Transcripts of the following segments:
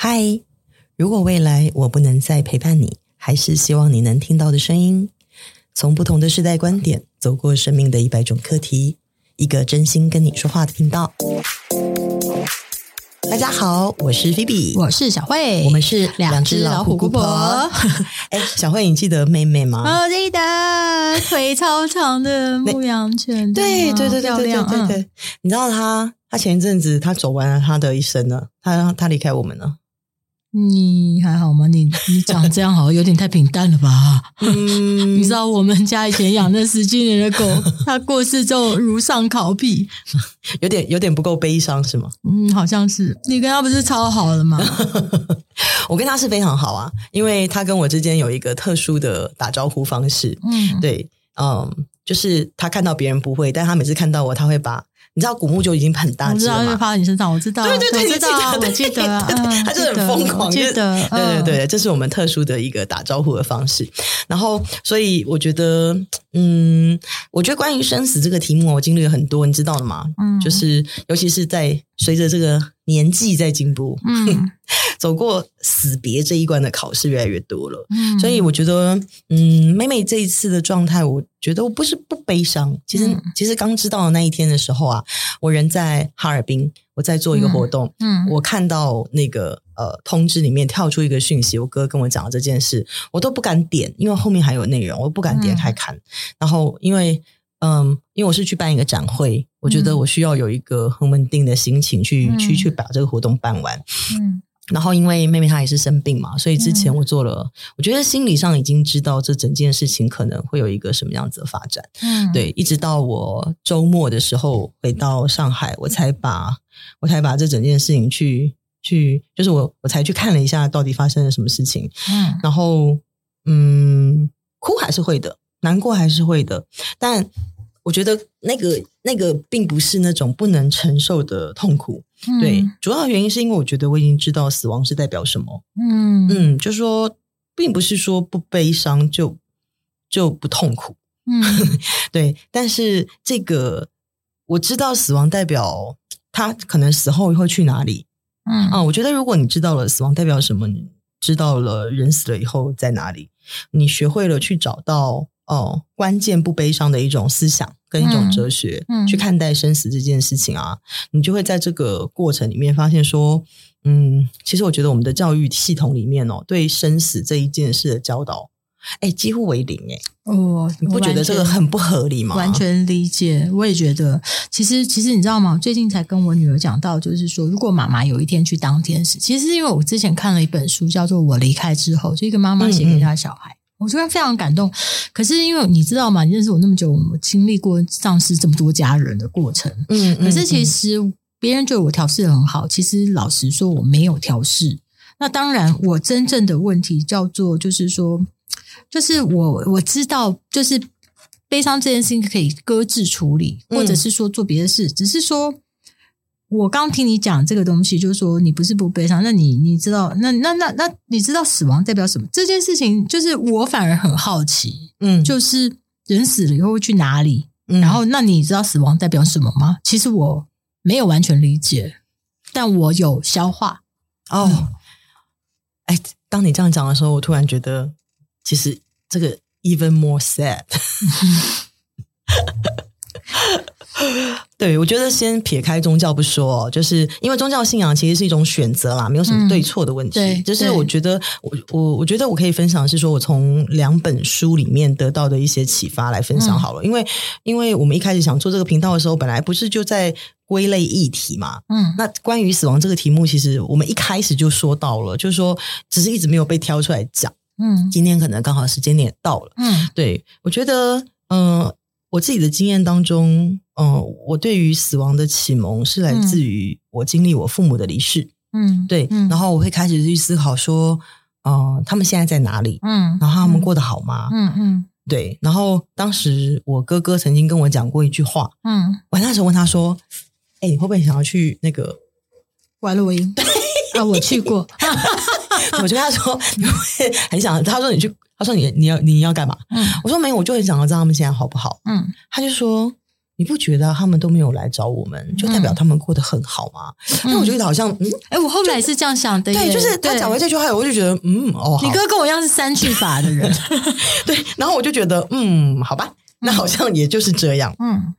嗨，Hi, 如果未來我不能再陪伴你，還是希望你能聽到的聲音。從不同的世代觀點，走過生命的一百種課題，一個真心跟你說話的頻道。大家好，我是菲比，我是小慧，我們是兩隻老虎姑婆，虎姑婆、 欸。小慧，你記得妹妹嗎？哦，記得腿超長的那牧羊犬，對對，對對對對對對對，對，嗯、你知道他，他前一陣子他走完了他的一生了，他他離開我們了。你還好嗎？你你長這樣好像 有點太平淡了吧？嗯，你知道我們家以前養那十幾年的狗， 它過世就如喪考妣，有點有點不夠悲傷是嗎？嗯，好像是。你跟他不是超好了嗎？ 我跟他是非常好啊，因為他跟我之間有一個特殊的打招呼方式。嗯，對，嗯，就是他看到別人不會，但他每次看到我，他會把。你知道古牧就已經很大只了嗎？趴在你身上，我知道。對對對，記得記得，他就是很瘋狂，對對對，這是我們特殊的一個打招呼的方式。嗯，然後，所以我覺得。嗯，我覺得關於生死這個題目，我經歷了很多，你知道的嗎？嗯，就是尤其是在隨着這個年紀在進步，嗯， 走過死別這一關的考試越來越多了。嗯，所以我覺得，嗯，妹妹這一次的狀態，我覺得我不是不悲傷。其實，嗯、其實剛知道的那一天的時候啊，我人在哈爾濱，我在做一個活動。嗯，嗯我看到那個。呃，通知裡面跳出一個訊息，我哥跟我講了這件事，我都不敢點，因為後面還有內容，我都不敢點開看。嗯、然後，因為嗯，因為我是去辦一個展會，我覺得我需要有一個很穩定的心情去、嗯、去去把這個活動辦完。嗯，然後因為妹妹她也是生病嘛，所以之前我做了，嗯、我覺得心理上已經知道這整件事情可能會有一個什麼樣子的發展。嗯，對，一直到我周末的時候回到上海，我才把我才把這整件事情去。去，就是我我才去看了一下，到底發生了什麼事情。嗯，然後，嗯，哭還是會的，難過還是會的。但我覺得那個那個並不是那種不能承受的痛苦。嗯，對，主要原因是因為我覺得我已經知道死亡是代表什麼。嗯嗯，就是說，並不是說不悲傷就就不痛苦。嗯， 對。但是這個我知道，死亡代表他可能死後會去哪裡。嗯啊，我覺得如果你知道了死亡代表什麼，你知道了人死了以後在哪裡，你學會了去找到哦關鍵不悲傷的一種思想跟一種哲學，嗯嗯，去看待生死這件事情啊，你就會在這個過程裡面發現說，嗯，其實我覺得我們的教育系統裡面哦，對生死這一件事的教導。哎、欸，幾乎為零哎！哦，你不覺得這個很不合理嗎？完全理解，我也覺得。其實，其實你知道嗎？最近才跟我女兒講到，就是說，如果媽媽有一天去當天使，其實因為我之前看了一本書，叫做《我離開之後》，就一個媽媽寫給她小孩，嗯嗯，我覺得非常感動。可是，因為你知道嗎？你認識我那麼久，我們經歷過喪失這麼多家人的過程，嗯，嗯，嗯可是，其實別人覺得我調適的很好，其實老實說，我沒有調適。那當然，我真正的問題叫做，就是說。就是我我知道，就是悲傷這件事情可以擱置處理，或者是說做別的事。嗯、只是說，我剛聽你講這個東西，就是說你不是不悲傷，那你你知道，那那那那你知道死亡代表什麼？這件事情就是我反而很好奇，嗯，就是人死了以後會去哪裡？嗯、然後那你知道死亡代表什麼嗎？其實我沒有完全理解，但我有消化。哦、哎、嗯欸，當你這樣講的時候，我突然覺得。其實這個 even more sad， 對，我覺得先撇開宗教不說，就是因為宗教信仰其實是一種選擇啦，沒有什麼對錯的問題。嗯、就是我覺得對我我我覺得我可以分享是說我從兩本書裡面得到的一些啟發來分享好了。嗯、因為因為我們一開始想做這個頻道的時候，本來不是就在歸類議題嘛，嗯，那關於死亡這個題目，其實我們一開始就說到了，就是說只是一直沒有被挑出來講。嗯，今天可能剛好時間點到了。嗯，對，我覺得，嗯、呃，我自己的經驗當中，嗯、呃，我對於死亡的啟蒙是來自於我經歷我父母的離世。嗯，對，嗯、然後我會開始去思考說，嗯、呃，他們現在在哪裡？嗯，然後他們過得好嗎？嗯嗯，嗯嗯對。然後當時我哥哥曾經跟我講過一句話。嗯，我那時候問他說：“哎，你會不會想要去那個瓦洛維因？”對啊，我去過.。 啊、我就跟他說，你會很想。他說你去，他說你你，你要你要幹嘛？嗯，我說沒有，我就很想要知道他們現在好不好。嗯，他就說，你不覺得他們都沒有來找我們，就代表他們過得很好嗎？那、嗯、我覺得好像，嗯，哎、嗯就欸，我後來是這樣想的。對，就是他講完這句話，我就覺得，嗯哦，你哥跟我一樣是三句法的人。 對，然後我就覺得，嗯，好吧。那好像也就是這樣，嗯，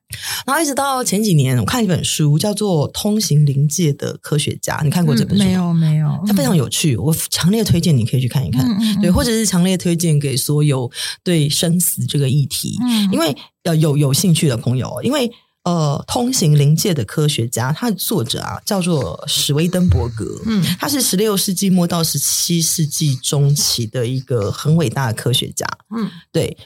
然後一直到前幾年，我看一本書叫做《通行靈界的科學家》，你看過這本書、嗯、沒有？沒有，它非常有趣，我強烈推薦你可以去看一看，嗯嗯、對，或者是強烈推薦給所有對生死這個議題，嗯、因為要有有興趣的朋友，因為呃，通行靈界的科學家，他的作者啊叫做史威登伯格，嗯，他是十六世紀末到十七世紀中期的一個很偉大的科學家，嗯，對。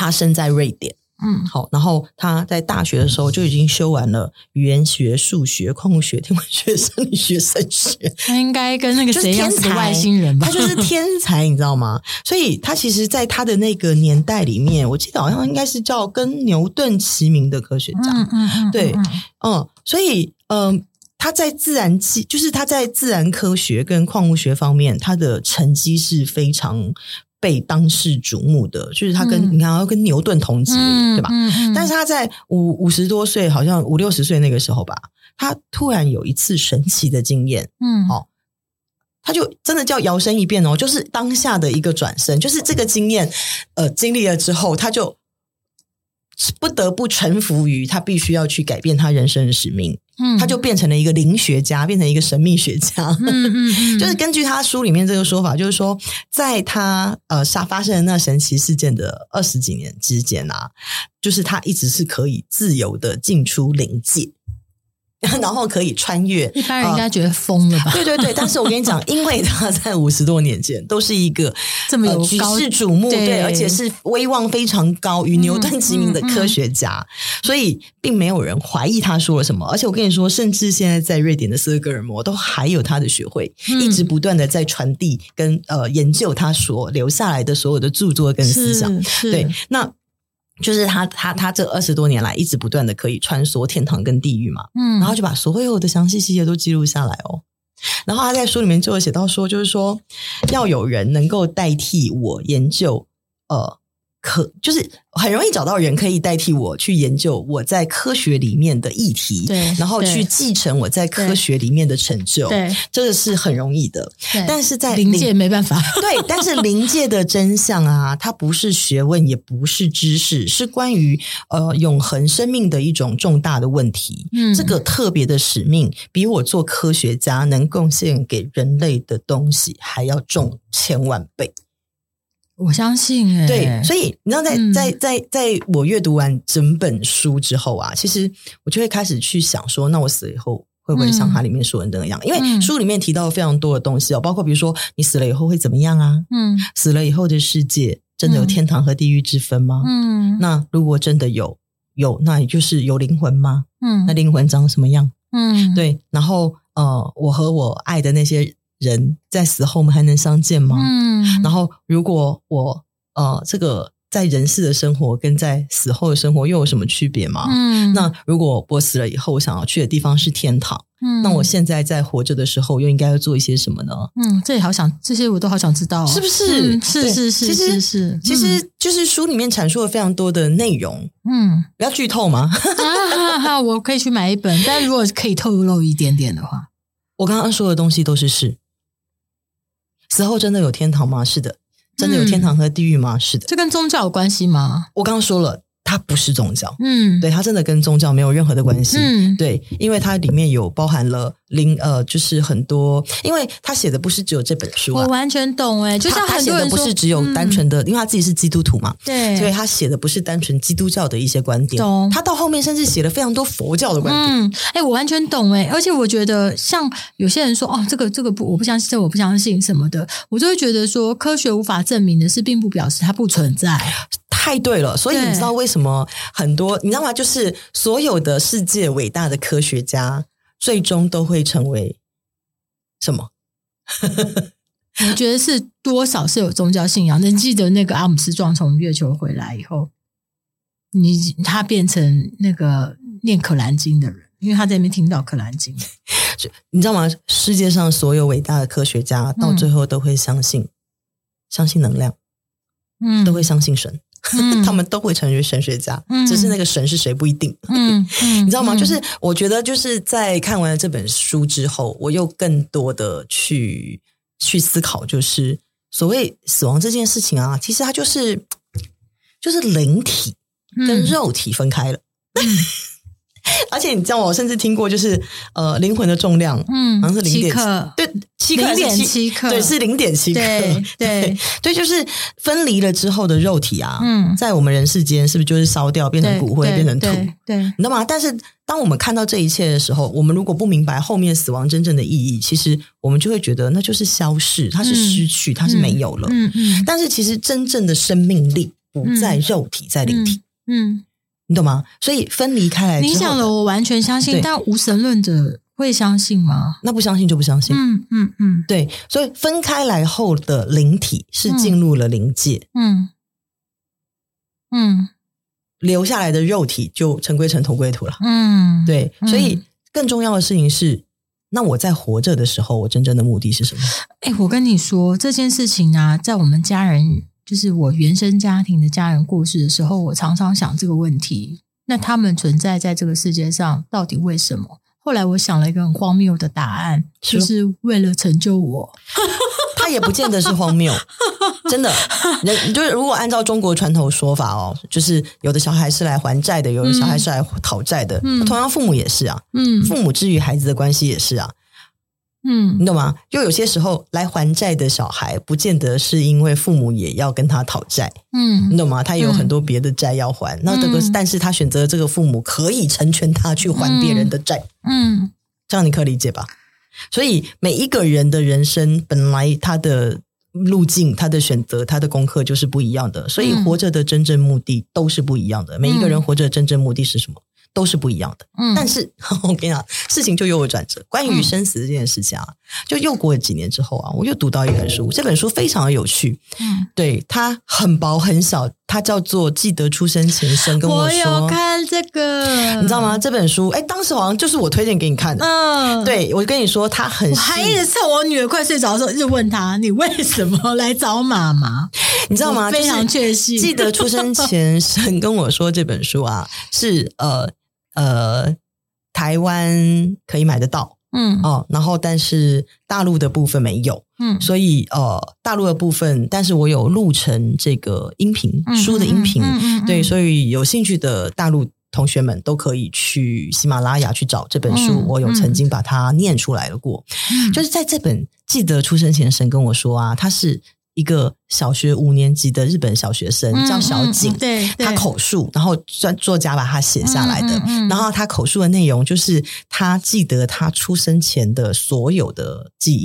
他生在瑞典，嗯，好，然後他在大學的時候就已經修完了語言學、數學、礦物學、天文學、生理學、生學。他應該跟那個誰天才外星人，他就是天才，你知道嗎？ 所以他其實，在他的那個年代裡面，我記得好像應該是叫跟牛頓齊名的科學家。嗯。嗯嗯嗯，對，嗯，所以嗯，呃，他在自然基，就是他在自然科學跟礦物學方面，他的成績是非常。被當世矚目的，就是他跟、嗯、你看，他跟牛頓同級，對吧？嗯嗯、但是他在五五十多歲，好像五六十歲那個時候吧，他突然有一次神奇的經驗，嗯，哦，他就真的叫搖身一變哦，就是當下的一個轉身，就是這個經驗，呃，經歷了之後，他就不得不臣服於他，必須要去改變他人生的使命。他就變成了一個靈學家，變成一個神秘學家。 就是根據他書裡面這個說法，就是說，在他呃，發生的那神奇事件的二十幾年之間啊，就是他一直是可以自由的進出靈界。然後可以穿越，一般人家覺得瘋了吧、呃？對對對，但是我跟你講， 因為他在五十多年前都是一個這麼有、呃、舉世矚目，對，對，而且是威望非常高，與牛頓齊名的科學家，嗯嗯嗯、所以並沒有人懷疑他說了什麼。而且我跟你說，甚至現在在瑞典的斯德哥爾摩都還有他的學會，嗯、一直不斷的在傳遞跟呃研究他所留下來的所有的著作跟思想。對，那。就是他，他，他這二十多年來一直不斷的可以穿梭天堂跟地獄嘛，嗯，然後就把所有的詳細細節都記錄下來哦，然後他在書裡面就會寫到說，就是說要有人能夠代替我研究，呃。可就是很容易找到人可以代替我去研究我在科學裡面的議題，對，然後去繼承我在科學裡面的成就，對，這個是很容易的。對但是在靈界沒辦法，啊、對，但是靈界的真相啊， 它不是學問，也不是知識，是關於呃永恆生命的一種重大的問題。嗯，這個特別的使命，比我做科學家能貢獻給人類的東西還要重千萬倍。我相信、欸、對，所以你知道在、嗯在，在在在在我閱讀完整本書之後啊，其實我就會開始去想說，那我死了以後會不會像它裡面說的那樣？嗯、因為書裡面提到非常多的東西哦，包括比如說你死了以後會怎麼樣啊？嗯，死了以後的世界真的有天堂和地獄之分嗎？嗯，那如果真的有，有那你就是有靈魂嗎？嗯，那靈魂長什麼樣？嗯，對，然後呃，我和我愛的那些。人在死後我們還能相見嗎？嗯，然後如果我呃，這個在人世的生活跟在死後的生活又有什麼區別嗎？嗯，那如果我死了以後我想要去的地方是天堂，嗯，那我現在在活着的時候又應該要做一些什麼呢？嗯，這也好想，這些我都好想知道，是不是？是是是，其實是其實就是書裡面闡述了非常多的內容。嗯，不要劇透嘛？我可以去買一本，但如果可以透露一點點的話，我剛剛說的東西都是是。死後真的有天堂嗎？是的，真的有天堂和地獄嗎？嗯、是的，這跟宗教有關係嗎？我剛剛說了，它不是宗教。嗯，對，它真的跟宗教沒有任何的關係。嗯，對，因為它裡面有包含了。零呃，就是很多，因為他寫的不是只有這本書。啊，我完全懂哎、欸。就像很多人他，他寫的不是只有單純的，嗯、因為他自己是基督徒嘛，對，所以他寫的不是單純基督教的一些觀點。懂他到後面甚至寫了非常多佛教的觀點。嗯，哎、欸，我完全懂哎、欸。而且我覺得，像有些人說哦，這個這個不，我不相信，這個、我不相信什麼的，我就會覺得說，科學無法證明的事，並不表示它不存在。太對了，所以你知道為什麼很多？對你知道嗎？就是所有的世界偉大的科學家，最終都會成為什麼？我 覺得是多少是有宗教信仰。能記得那個阿姆斯壯從月球回來以後，你他變成那個念《可蘭經》的人，因為他在那邊聽到《可蘭經》， 你知道嗎？世界上所有偉大的科學家到最後都會相信，嗯、相信能量，嗯，都會相信神。 他們都會成為神學家，只、嗯、是那個神是誰不一定。 你知道嗎？就是我覺得，就是在看完了這本書之後，我又更多的去去思考，就是所謂死亡這件事情啊，其實它就是就是靈體跟肉體分開了。嗯 而且你知道，我甚至聽過，就是呃，靈魂的重量，嗯，好像是零點七克，對，七克，零點七克，對，是零點七克，對，對，就是分離了之後的肉體啊，嗯，在我們人世間，是不是就是燒掉，變成骨灰，變成土，對，你知道嗎？但是當我們看到這一切的時候，我們如果不明白後面死亡真正的意義，其實我們就會覺得那就是消逝，它是失去，它是沒有了，嗯嗯。但是其實真正的生命力不在肉體，在靈體，嗯。你懂嗎？所以分離開來之後，你想了，我完全相信，對但無神論者會相信嗎？那不相信就不相信。嗯嗯嗯，嗯嗯對。所以分開來後的靈體是進入了靈界。嗯嗯，嗯嗯，留下來的肉體就塵歸塵，土歸土了。嗯，對。所以更重要的事情是，那我在活着的時候，我真正的目的是什麼？哎、欸，我跟你說這件事情呢、啊，在我們家人。就是我原生家庭的家人過世的時候，我常常想這個問題：那他們存在在這個世界上到底為什麼？後來我想了一個很荒謬的答案，是就是為了成就我。他也不見得是荒謬， 真的，你就是如果按照中國傳統說法哦，就是有的小孩是來還債的，有的小孩是來討債的。嗯、同樣父母也是啊，嗯、父母之於孩子的關係也是啊。嗯，你懂嗎？就有些時候來還債的小孩，不見得是因為父母也要跟他討債。嗯，你懂嗎？他有很多別的債要還。嗯、那這個，但是他選擇這個父母可以成全他去還別人的債。嗯，嗯，這樣你可以理解吧？所以每一個人的人生本來他的路徑、他的選擇、他的功課就是不一樣的。所以活着的真正目的都是不一樣的。嗯、每一個人活着的真正目的是什麼？都是不一樣的，嗯，但是我跟你講，事情就又有個轉折。關於生死這件事情啊，嗯、就又過了幾年之後啊，我又讀到一本書，這本書非常的有趣，嗯，對，它很薄很小，它叫做《記得出生前，神跟我說》，我有看這個，你知道嗎？這本書，哎、欸，當時好像就是我推薦給你看的，嗯，對，我就跟你說，它很，我還一直趁我女兒快睡着的時候就問她，你為什麼來找媽媽？你知道嗎？非常確信，就是《記得出生前，神跟我說》這本書啊， 是呃。呃，台灣可以買得到，嗯，哦，然後但是大陸的部分沒有，嗯，所以呃，大陸的部分，但是我有錄成這個音頻、嗯嗯嗯、書的音頻，嗯嗯嗯、對，所以有興趣的大陸同學們都可以去喜馬拉雅去找這本書，嗯嗯、我有曾經把它念出來了過，嗯嗯、就是在這本《記得出生前的神》跟我說啊，它是。一個小學五年級的日本小學生叫小景，嗯，對，對，他口述，然後作作家把他寫下來的。嗯嗯嗯，然後他口述的內容就是他記得他出生前的所有的記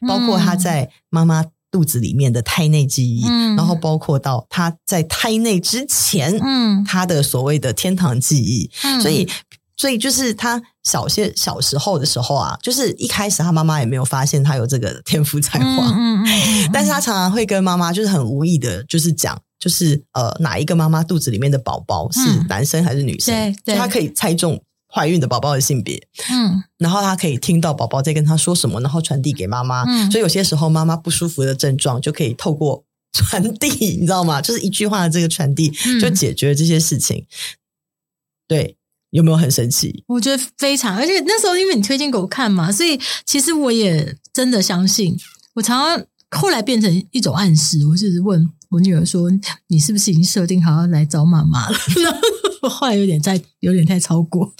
憶，包括他在媽媽肚子裡面的胎內記憶，嗯，然後包括到他在胎內之前，嗯，他的所謂的天堂記憶，嗯，所以。所以就是他小些小時候的時候啊，就是一開始他媽媽也沒有發現他有這個天賦才華，嗯嗯、但是他常常會跟媽媽就是很無意的，就是講，就是呃哪一個媽媽肚子裡面的寶寶是男生還是女生，嗯、對,對，他可以猜中懷孕的寶寶的性別，嗯，然後他可以聽到寶寶在跟他說什麼，然後傳遞給媽媽，嗯，所以有些時候媽媽不舒服的症狀就可以透過傳遞，你知道嗎？就是一句話的這個傳遞就解決這些事情，嗯、對。有沒有很神奇？我覺得非常，而且那時候因為你推薦給我看嘛，所以其實我也真的相信。我常常後來變成一種暗示，我就是問我女兒說：“你是不是已經設定好要來找媽媽了？” 後來有點在，有點太超過。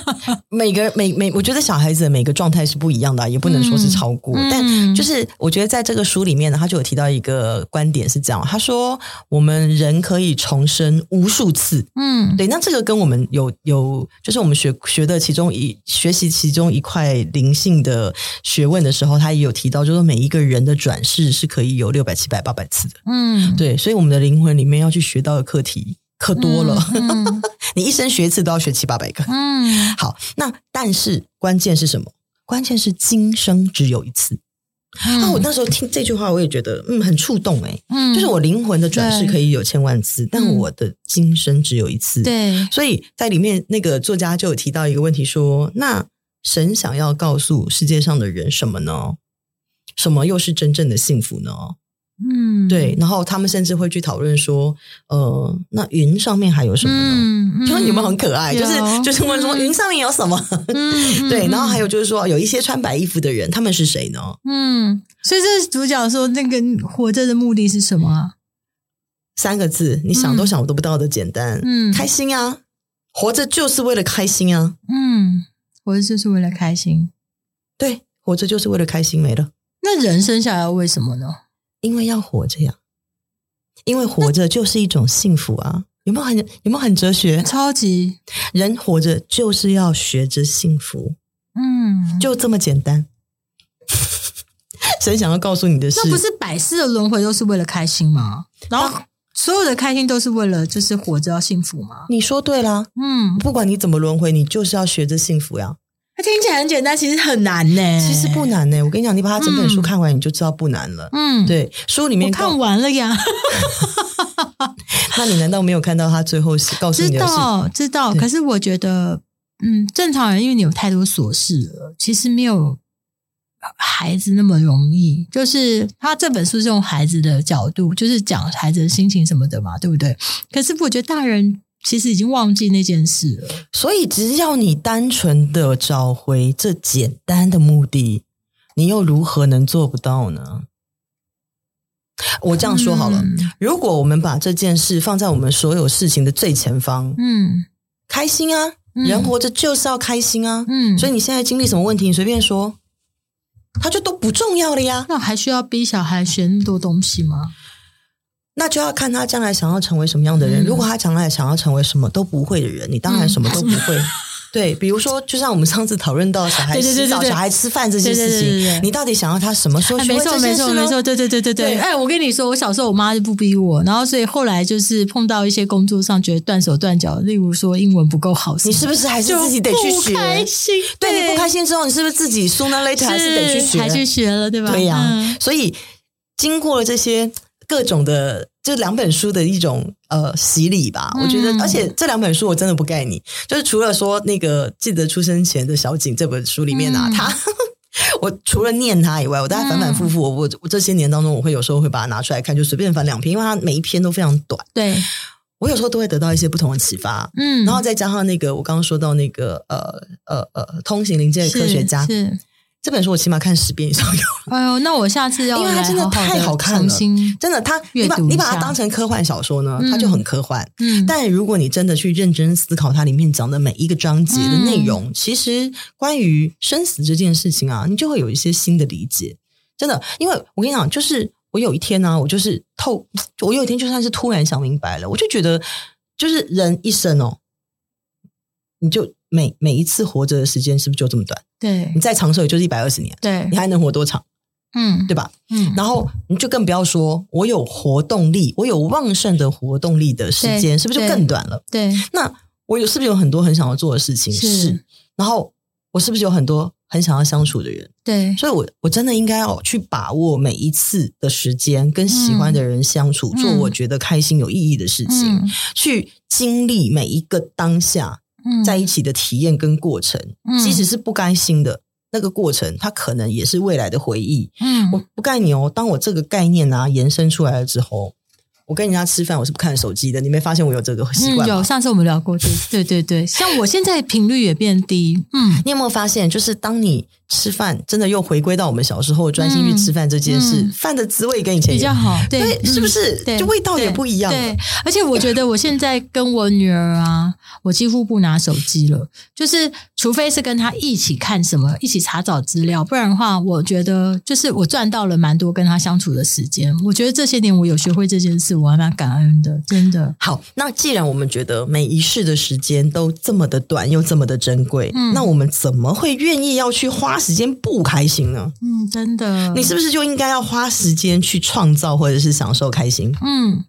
每個每每，我覺得小孩子每個狀態是不一樣的、啊，嗯、也不能說是超過。嗯、但就是我覺得在這個書裡面呢，他就有提到一個觀點是這樣：他說，我們人可以重生無數次。嗯，對。那這個跟我們有有，就是我們學學的其中一學習其中一塊靈性的學問的時候，他也有提到，就是每一個人的轉世是可以有六百、七百、八百次的。嗯，對。所以我們的靈魂裡面要去學到的課題。可多了、嗯，嗯、 你一生學一次都要學七八百個。嗯，好，那但是關鍵是什麼？關鍵是今生只有一次。那、嗯啊、我那時候聽這句話，我也覺得嗯很觸動哎，嗯，欸、嗯就是我靈魂的轉世可以有千萬次，對但我的今生只有一次。對、嗯，所以在裡面那個作家就有提到一個問題說：那神想要告訴世界上的人什麼呢？什麼又是真正的幸福呢？嗯，對，然後他們甚至會去討論說，呃，那雲上面還有什麼呢？嗯，嗯，就你們很可愛，有就是就是問說雲上面有什麼？嗯、 對，然後還有就是說有一些穿白衣服的人，他們是誰呢？嗯，所以這主角說，那個活着的目的是什麼啊？三個字，你想都想都不到的簡單。嗯，開心啊，活着就是為了開心啊。嗯，活着就是為了開心。對，活着就是為了開心，沒了。那人生下來要為什麼呢？因為要活着呀，因為活着就是一種幸福啊！那有沒有很、有沒有很哲學？超級。人活着就是要學着幸福，嗯，就這麼簡單。 誰想要告訴你的是？那不是百世的輪迴都是為了開心嗎？然後，然後所有的開心都是為了就是活着要幸福嗎？你說對啦。嗯，不管你怎麼輪迴，你就是要學着幸福呀。他聽起來很簡單，其實很難呢、欸。其實不難呢、欸，我跟你講，你把他整本書看完，嗯、你就知道不難了。嗯，對，書裡面看完了呀。 那你難道沒有看到他最後是告訴你的事？知道，知道。對可是我覺得，嗯，正常人因為你有太多瑣事了，其實沒有孩子那麼容易。就是他這本書是用孩子的角度，就是講孩子的心情什麼的嘛，對不對？可是我覺得大人。其實已經忘記那件事了，所以只要你單純的找回這簡單的目的，你又如何能做不到呢？我這樣說好了，嗯、如果我們把這件事放在我們所有事情的最前方，嗯，開心啊，嗯、人活着就是要開心啊，嗯，所以你現在經歷什麼問題，你隨便說，他就都不重要了呀。那還需要逼小孩學那麼多東西嗎？那就要看他將來想要成為什麼樣的人。如果他將來想要成為什麼都不會的人，你當然什麼都不會。對，比如說，就像我們上次討論到小孩，洗澡小孩吃飯這些事情，你到底想要他什麼時候學這些事？沒錯，沒錯，沒錯。對，對，對，對，對。哎，我跟你說，我小時候我媽就不逼我，然後所以後來就是碰到一些工作上覺得斷手斷腳，例如說英文不夠好，你是不是還是自己得去學？對，你不開心之後，你是不是自己 sooner later 還是得去學？還去學了，對吧？對呀。所以經過了這些。各種的這兩本書的一種呃洗禮吧，我覺得，嗯、而且這兩本書我真的不蓋你，就是除了說那個《記得出生前的小景》這本書裡面拿、啊嗯、它，我除了念它以外，我大概反反复复，嗯、我我這些年當中，我會有時候會把它拿出來看，就隨便翻兩篇，因為它每一篇都非常短。對，我有時候都會得到一些不同的啟發，嗯，然後再加上那個我剛剛說到那個呃呃呃通行臨界科學家是。是這本書我起碼看十遍以上了。哎呦，那我下次要。因為它真的太好看了，真的，它你把你把它當成科幻小說呢，它就很科幻。嗯，但如果你真的去認真思考它裡面講的每一個章節的內容，其實關於生死這件事情啊，你就會有一些新的理解。真的，因為我跟你講，就是我有一天呢、啊，我就是透，我有一天就算是突然想明白了，我就覺得，就是人一生哦，你就。每每一次活着的時間是不是就這麼短？對，你再長壽也就是一百二十年。對，你還能活多長？嗯，對吧？嗯，然後你就更不要說，我有活動力，我有旺盛的活動力的時間，是不是就更短了？對，對對，那我有是不是有很多很想要做的事情？是，是，然後我是不是有很多很想要相處的人？對，所以我我真的應該要去把握每一次的時間，跟喜歡的人相處，嗯、做我覺得開心有意義的事情，嗯、去經歷每一個當下。在一起的體驗跟過程，嗯、即使是不甘心的那個過程，它可能也是未來的回憶。嗯，我不干你哦。當我這個概念啊延伸出來了之後，我跟人家吃飯我是不看手機的。你沒發現我有這個習慣嗎？嗯、有，上次我們聊過，對 對對對。像我現在頻率也變低。嗯，你有沒有發現，就是當你。吃飯真的又回歸到我們小時候專心去吃飯這件事，嗯嗯、飯的滋味跟以前比較好，對，對是不是？嗯、對就味道也不一樣了對，對，對，而且我覺得我現在跟我女兒啊，我幾乎不拿手機了，就是除非是跟她一起看什麼，一起查找資料，不然的話，我覺得就是我賺到了蠻多跟她相處的時間。我覺得這些年我有學會這件事，我還蠻感恩的。真的好。那既然我們覺得每一世的時間都這麼的短又這麼的珍貴，嗯、那我們怎麼會願意要去花？花時間不開心呢？嗯，真的。你是不是就應該要花時間去創造或者是享受開心？嗯，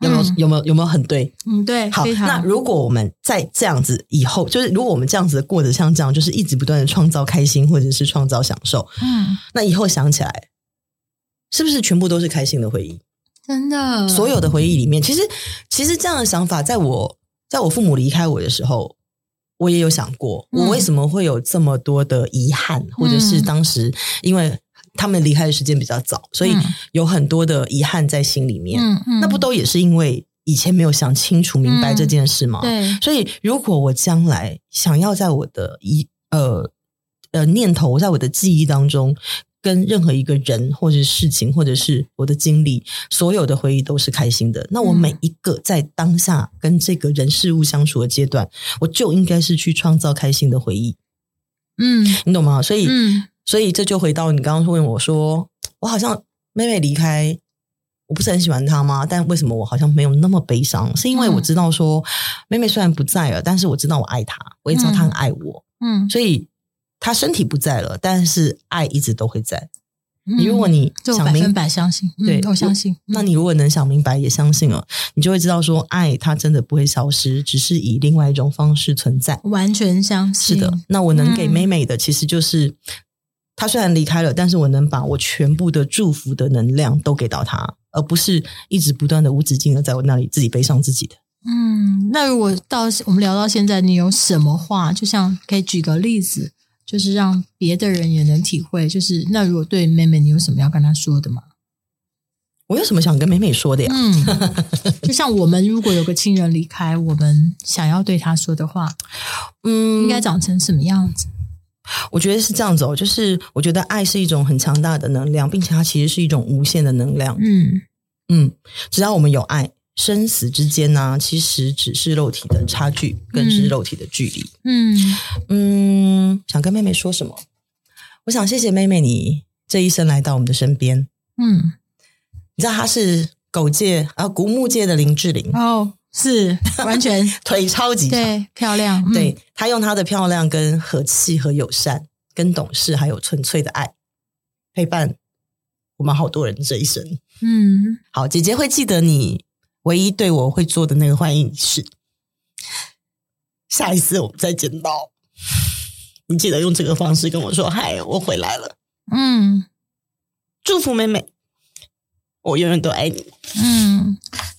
有沒有、嗯、有沒有有沒有很對？嗯，對。好，常那如果我們在這樣子以後，就是如果我們這樣子過得像這樣，就是一直不斷的創造開心或者是創造享受，嗯，那以後想起來，是不是全部都是開心的回憶？真的，所有的回憶裡面，其實其實這樣的想法，在我在我父母離開我的時候。我也有想過，我為什麼會有這麼多的遺憾，嗯、或者是當時因為他們離開的時間比較早，嗯、所以有很多的遺憾在心裡面。嗯嗯、那不都也是因為以前沒有想清楚明白這件事嗎？嗯、對、所以如果我將來想要在我的一呃呃念頭，在我的記憶當中。跟任何一個人，或者事情，或者是我的經歷，所有的回憶都是開心的。那我每一個在當下跟這個人事物相處的階段，我就應該是去創造開心的回憶。嗯，你懂嗎？所以，嗯、所以這就回到你剛剛問我說，我好像妹妹離開，我不是很喜歡她嗎？但為什麼我好像沒有那麼悲傷？是因為我知道說，說、嗯、妹妹雖然不在了，但是我知道我愛她，我也知道她很愛我。嗯，嗯，所以。他身體不在了，但是愛一直都會在。嗯、如果你想明白，百分百相信，對、嗯，我相信。我嗯、那你如果能想明白，也相信了，你就會知道說，愛它真的不會消失，只是以另外一種方式存在。完全相信。是的。那我能給妹妹的，其實就是，嗯、她雖然離開了，但是我能把我全部的祝福的能量都給到她，而不是一直不斷的無止境的在我那裡自己悲傷自己的。嗯，那如果到我們聊到現在，你有什麼話？就像可以舉個例子。就是讓別的人也能體會。就是，那如果對妹妹，你有什麼要跟她說的嗎？我有什麼想跟妹妹說的呀？嗯，就像我們如果有個親人離開，我們想要對她說的話，嗯，應該長成什麼樣子？嗯，我覺得是這樣子哦，就是我覺得愛是一種很強大的能量，並且它其實是一種無限的能量。嗯嗯，只要我們有愛。生死之間呢、啊，其實只是肉體的差距，更是肉體的距離、嗯。嗯嗯，想跟妹妹說什麼？我想謝謝妹妹，你這一生來到我們的身邊。嗯，你知道她是狗界啊，古墓界的林志玲哦，是完全 腿超級長，對，漂亮。嗯、對，她用她的漂亮、跟和氣、和友善、跟懂事，還有純粹的愛，陪伴我們好多人這一生。嗯，好，姐姐會記得你。唯一對我會做的那個歡迎儀式，下一次我們再見到，你記得用這個方式跟我說“嗨，我回來了”。嗯，祝福妹妹，我永遠都愛你。嗯，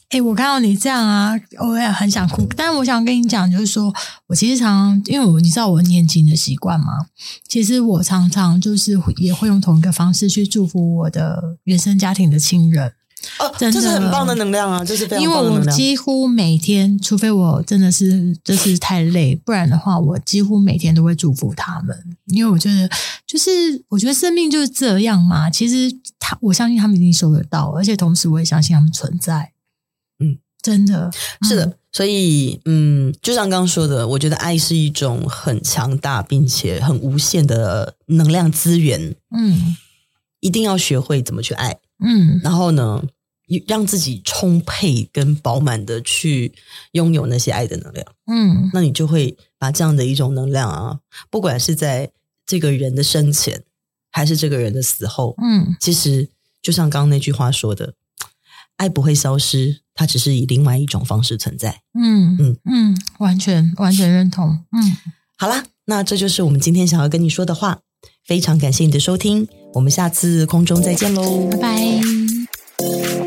哎、欸，我看到你這樣啊，我也很想哭。但是我想跟你講，就是說我其實常常，因為我你知道我念經的習慣嗎？其實我常常就是也會用同一個方式去祝福我的原生家庭的親人。哦，真的，這是很棒的能量啊！就是的因為我幾乎每天，除非我真的是就是太累，不然的話，我幾乎每天都會祝福他們。因為我覺得，就是我覺得生命就是這樣嘛。其實他，我相信他們一定收得到，而且同時我也相信他們存在。嗯，真的是的。嗯，所以，嗯，就像剛剛說的，我覺得愛是一種很強大並且很無限的能量資源。嗯，一定要學會怎麼去愛。嗯，然後呢，讓自己充沛跟飽滿的去擁有那些愛的能量，嗯，那你就會把這樣的一種能量啊，不管是在這個人的生前還是這個人的死後，嗯，其實就像剛剛那句話說的，愛不會消失，它只是以另外一種方式存在。嗯嗯嗯，嗯完全完全認同。嗯，好啦，那這就是我們今天想要跟你說的話，非常感謝你的收聽。我們下次空中再見嘍，拜拜。拜拜。